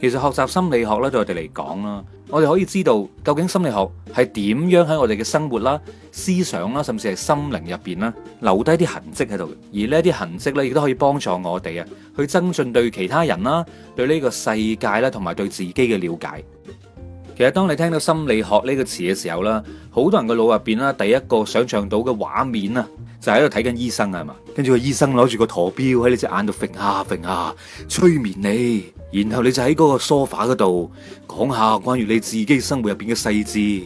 其實學習心理學咧，對我哋嚟講啦，我哋可以知道究竟心理學係點樣喺我哋嘅生活啦、思想啦，甚至係心靈入邊啦，留低啲痕跡喺度。而呢啲痕跡咧，亦都可以幫助我哋啊，去增進對其他人啦、對呢個世界啦，同埋對自己嘅了解。其實當你聽到心理學呢個詞嘅時候啦，好多人嘅腦入邊啦，第一個想象到嘅畫面啊，就係喺度睇緊醫生啊，係嘛？跟住個醫生攞住個陀標喺你隻眼度揈下揈下，下，下，催眠你。然後你就喺嗰個梳化嗰度講下關於你自己生活入邊嘅細節，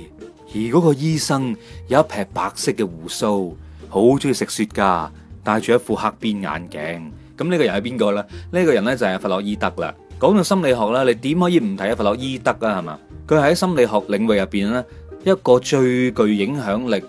而嗰個醫生有一撇白色嘅胡鬚，好中意食雪茄，戴住一副黑邊眼鏡。咁呢個人係邊個呢？呢、呢個人呢，就係弗洛伊德啦。講到心理學咧，你點可以唔睇下弗洛伊德啊？係嘛，佢喺心理學領域入邊呢，一個最具影響力，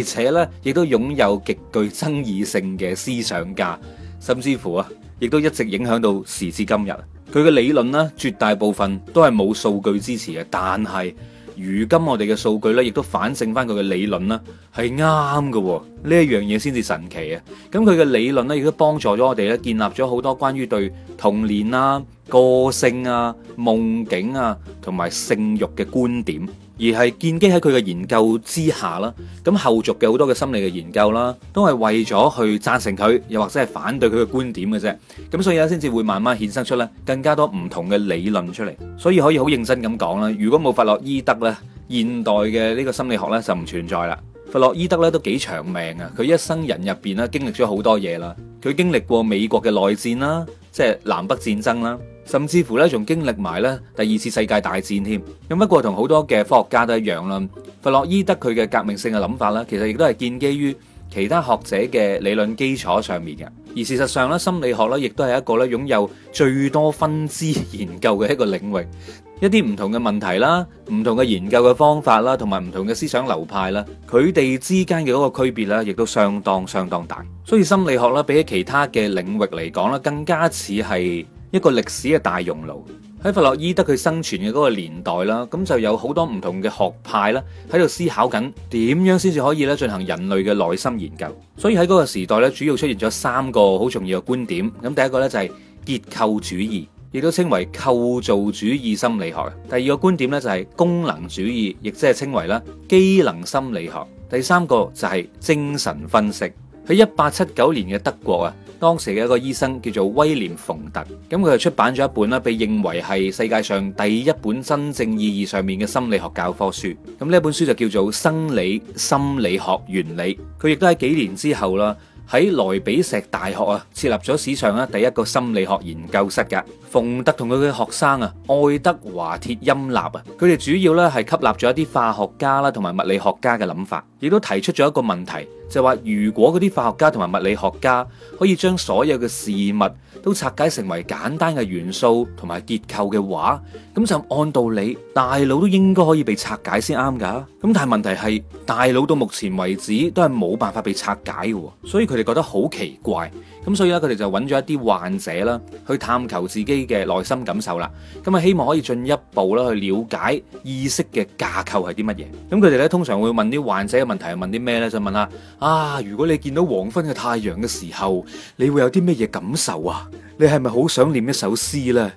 而且呢，亦都擁有極具爭議性嘅思想家，甚至乎啊，亦都一直影響到時至今日。佢嘅理論呢，絕大部分都係冇數據支持嘅。但係，如今我哋嘅數據呢，亦都反證翻佢嘅理論咧係啱嘅。呢一、哦、樣嘢先至神奇啊！咁佢嘅理論呢，亦都幫助咗我哋呢，建立咗好多關於對童年啦、啊、個性啊、夢境啊，同埋性慾嘅觀點，而係建基喺佢嘅研究之下啦。咁後續嘅好多嘅心理嘅研究啦，都係為咗去贊成佢，又或者係反對佢嘅觀點嘅啫。咁所以咧，先至會慢慢衍生出咧更加多唔同嘅理論出嚟。所以可以好認真咁講啦，如果冇弗洛伊德咧，現代嘅呢個心理學咧就唔存在啦。弗洛伊德咧都幾長命啊。佢一生人入邊咧經歷咗好多嘢啦。佢經歷過美國嘅內戰啦，即係南北戰爭啦。甚至乎咧，仲經歷埋咧第二次世界大戰添。咁不過，同好多嘅科學家都一樣啦。弗洛伊德佢嘅革命性嘅諗法啦，其實亦都係建基於其他學者嘅理論基礎上面嘅。而事實上咧，心理學咧，亦都係一個咧擁有最多分支研究嘅一個領域。一啲唔同嘅問題啦、唔同嘅研究嘅方法啦、同埋唔同嘅思想流派啦，佢哋之間嘅嗰個區別啊，亦都相當相當大。所以心理學咧，比起其他嘅領域嚟講咧，更加似係一個歷史嘅大熔爐。喺弗洛伊德佢生存嘅嗰個年代啦，咁就有好多唔同嘅學派啦，喺度思考緊點樣先至可以咧進行人類嘅內心研究。所以喺嗰個時代咧，主要出現咗三個好重要嘅觀點。咁第一個呢，就係結構主義，亦都稱為構造主義心理學。第二個觀點呢，就係功能主義，亦即係稱為啦機能心理學。第三個就係精神分析。喺一八七九年嘅德國啊，當時嘅一個醫生叫做威廉馮特，咁佢就出版咗一本啦，被認為係世界上第一本真正意義上面嘅心理學教科書。咁呢本書就叫做《生理心理學原理》，佢亦都喺幾年之後啦，喺萊比錫大學啊設立咗史上啊第一個心理學研究室噶。馮特同佢嘅學生啊，愛德華鐵欽納啊，佢哋主要咧係吸納咗一啲化學家啦同埋物理學家嘅諗法。亦都提出咗一個問題，就係話如果嗰啲化學家同埋物理學家可以將所有嘅事物都拆解成為簡單嘅元素同埋結構嘅話，咁就按道理大腦都應該可以被拆解先啱噶，咁但係問題係大腦到目前為止都係冇辦法被拆解喎，所以佢哋覺得好奇怪。咁所以咧，佢哋就揾咗一啲患者啦，去探求自己嘅內心感受啦。咁啊，希望可以進一步啦去了解意識嘅架構係啲乜嘢。咁佢哋咧通常會問啲患者。問題係問啲咩呢？就問下，啊，如果你見到黃昏嘅太陽嘅時候，你會有啲咩嘢感受啊？你係咪好想念一首詩呢？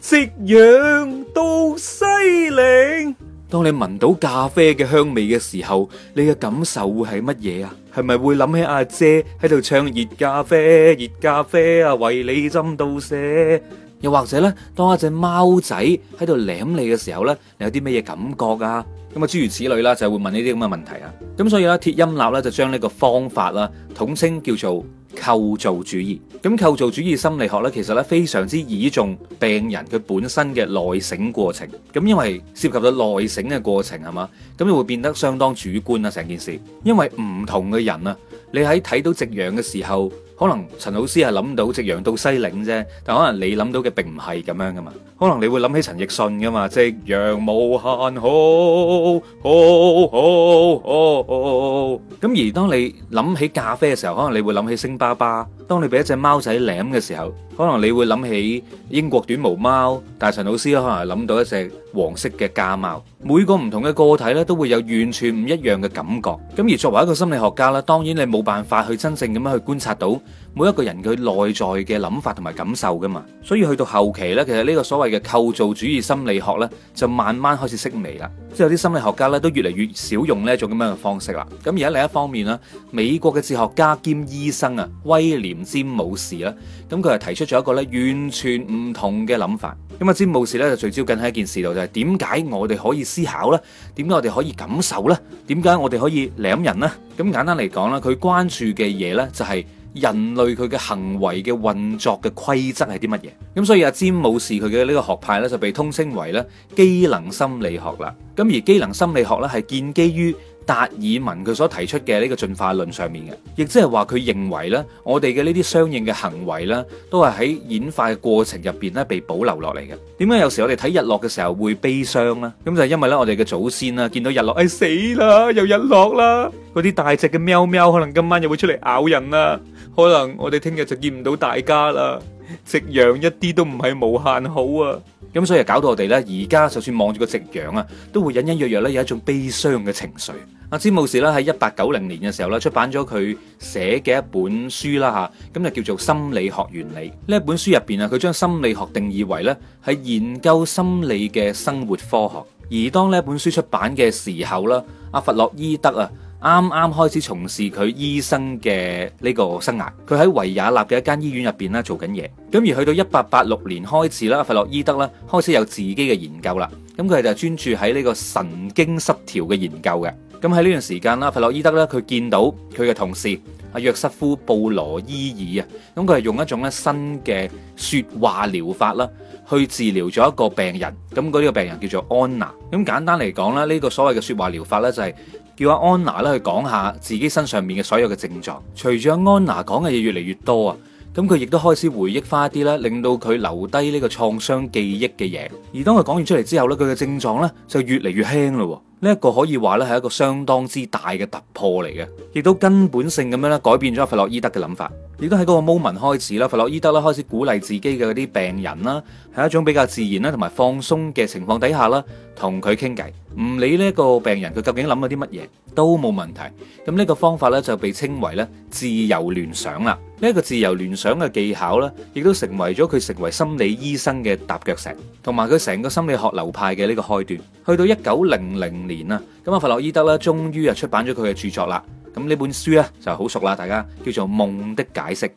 夕陽到西嶺。當你聞到咖啡嘅香味嘅時候，你嘅感受會係乜嘢啊？係咪會諗起阿姐喺度唱《熱咖啡》？熱咖啡啊，為你斟到瀉。又或者咧，當一隻貓仔喺度舐你嘅時候咧，你有啲咩嘢感覺啊？咁啊，諸如此類啦，就會問呢啲咁嘅問題啊。咁所以啦，鐵音納咧，就將呢個方法啦統稱叫做構造主義。咁構造主義心理學咧，其實咧，非常之倚重病人佢本身嘅內省過程。咁因為涉及到內省嘅過程係嘛，咁就會變得相當主觀啊成件事。因為唔同嘅人啊，你喺睇到夕陽嘅時候。可能陳老師係諗到《夕陽到西嶺》啫，但可能你諗到嘅並唔係咁樣㗎嘛。可能你會諗起陳奕迅㗎嘛，《夕陽無限好》，好，好，好，好，咁而當你諗起咖啡嘅時候，可能你會諗起星巴巴。當你俾一隻貓仔舐嘅時候，可能你會諗起英國短毛貓，大陳老師咧可能諗到一隻黃色嘅家貓。每個唔同嘅個體咧都會有完全唔一樣嘅感覺。咁而作為一個心理學家啦，當然你冇辦法去真正咁樣去觀察到每一個人佢內在嘅諗法同埋感受噶嘛。所以去到後期咧，其實呢個所謂嘅構造主義心理學咧就慢慢開始式微啦。即係有啲心理學家咧都越嚟越少用呢一種咁樣嘅方式啦。咁而家另一方面啦，美國嘅哲學家兼醫生啊威廉。詹姆士啦，咁佢係提出咗一個咧完全唔同嘅諗法。咁阿詹姆士咧就聚焦緊喺一件事度，就係點解我哋可以思考咧？點解我哋可以感受咧？點解我哋可以領人呢？咁簡單嚟講啦，佢關注嘅嘢咧就係人類佢嘅行為嘅運作嘅規則係啲乜嘢？咁所以阿詹姆士佢嘅呢個學派咧就被通稱為咧機能心理學啦。咁而機能心理學咧係建基於。達爾文佢所提出嘅呢個進化論上面嘅，亦即係話佢認為呢，我哋嘅呢啲相應嘅行為呢，都係喺演化嘅過程入邊呢被保留落嚟嘅。點解有時我哋睇日落嘅時候會悲傷呢？咁就係因為呢，我哋嘅祖先啊見到日落，誒，死啦，又日落啦，嗰啲大隻嘅喵喵可能今晚又會出嚟咬人啦，可能我哋聽日就見唔到大家啦。夕陽一啲都唔係無限好啊！咁、嗯、所以搞到我哋呢，而家就算望住個夕陽啊，都會隱隱約約呢，有一種悲傷嘅情緒。阿詹姆士呢，喺一八九零年嘅時候呢，出版咗佢寫嘅一本書啦吓，咁就叫做《心理學原理》。呢本書入邊啊，佢將心理學定義為呢，係研究心理嘅生活科學。而當呢本書出版嘅時候呢，阿、啊、弗洛伊德啊。啱啱開始從事佢醫生嘅呢個生涯，佢喺維也納嘅一間醫院入邊咧做緊嘢。咁而去到一八八六年開始咧，弗洛伊德咧開始有自己嘅研究啦。咁佢係就專注喺呢個神經失調嘅研究嘅。咁喺呢段時間啦，弗洛伊德咧佢見到佢嘅同事阿約瑟夫布羅伊爾啊，咁佢係用一種咧新嘅説話療法啦，去治療咗一個病人。咁嗰呢個病人叫做安娜。咁簡單嚟講啦，呢、這個所謂嘅説話療法咧就係、是。叫阿安娜咧去講下自己身上面嘅所有嘅症狀。隨住阿安娜講嘅嘢越嚟越多啊，咁佢亦都開始回憶翻一啲咧，令到佢留低呢個創傷記憶嘅嘢。而當佢講完出嚟之後咧，佢嘅症狀咧就越嚟越輕咯。呢一個可以話咧係一個相當之大嘅突破嚟嘅，亦都根本性咁樣咧改變咗弗洛伊德嘅諗法。亦都喺嗰個 moment 開始啦，弗洛伊德咧開始鼓勵自己嘅啲病人啦，喺一種比較自然啦同埋放鬆嘅情況底下啦，同佢傾偈。唔理呢個病人佢究竟諗咗啲乜嘢都冇問題，咁呢個方法呢，就被稱為咧自由聯想啦。呢一個自由聯想嘅技巧呢，亦都成為咗佢成為心理醫生嘅踏腳石，同埋佢成個心理學流派嘅呢個開端。去到一九零零年啦，咁阿弗洛伊德啦，終於啊出版咗佢嘅著作啦。咁呢本書咧就好熟啦，大家叫做《夢的解釋》。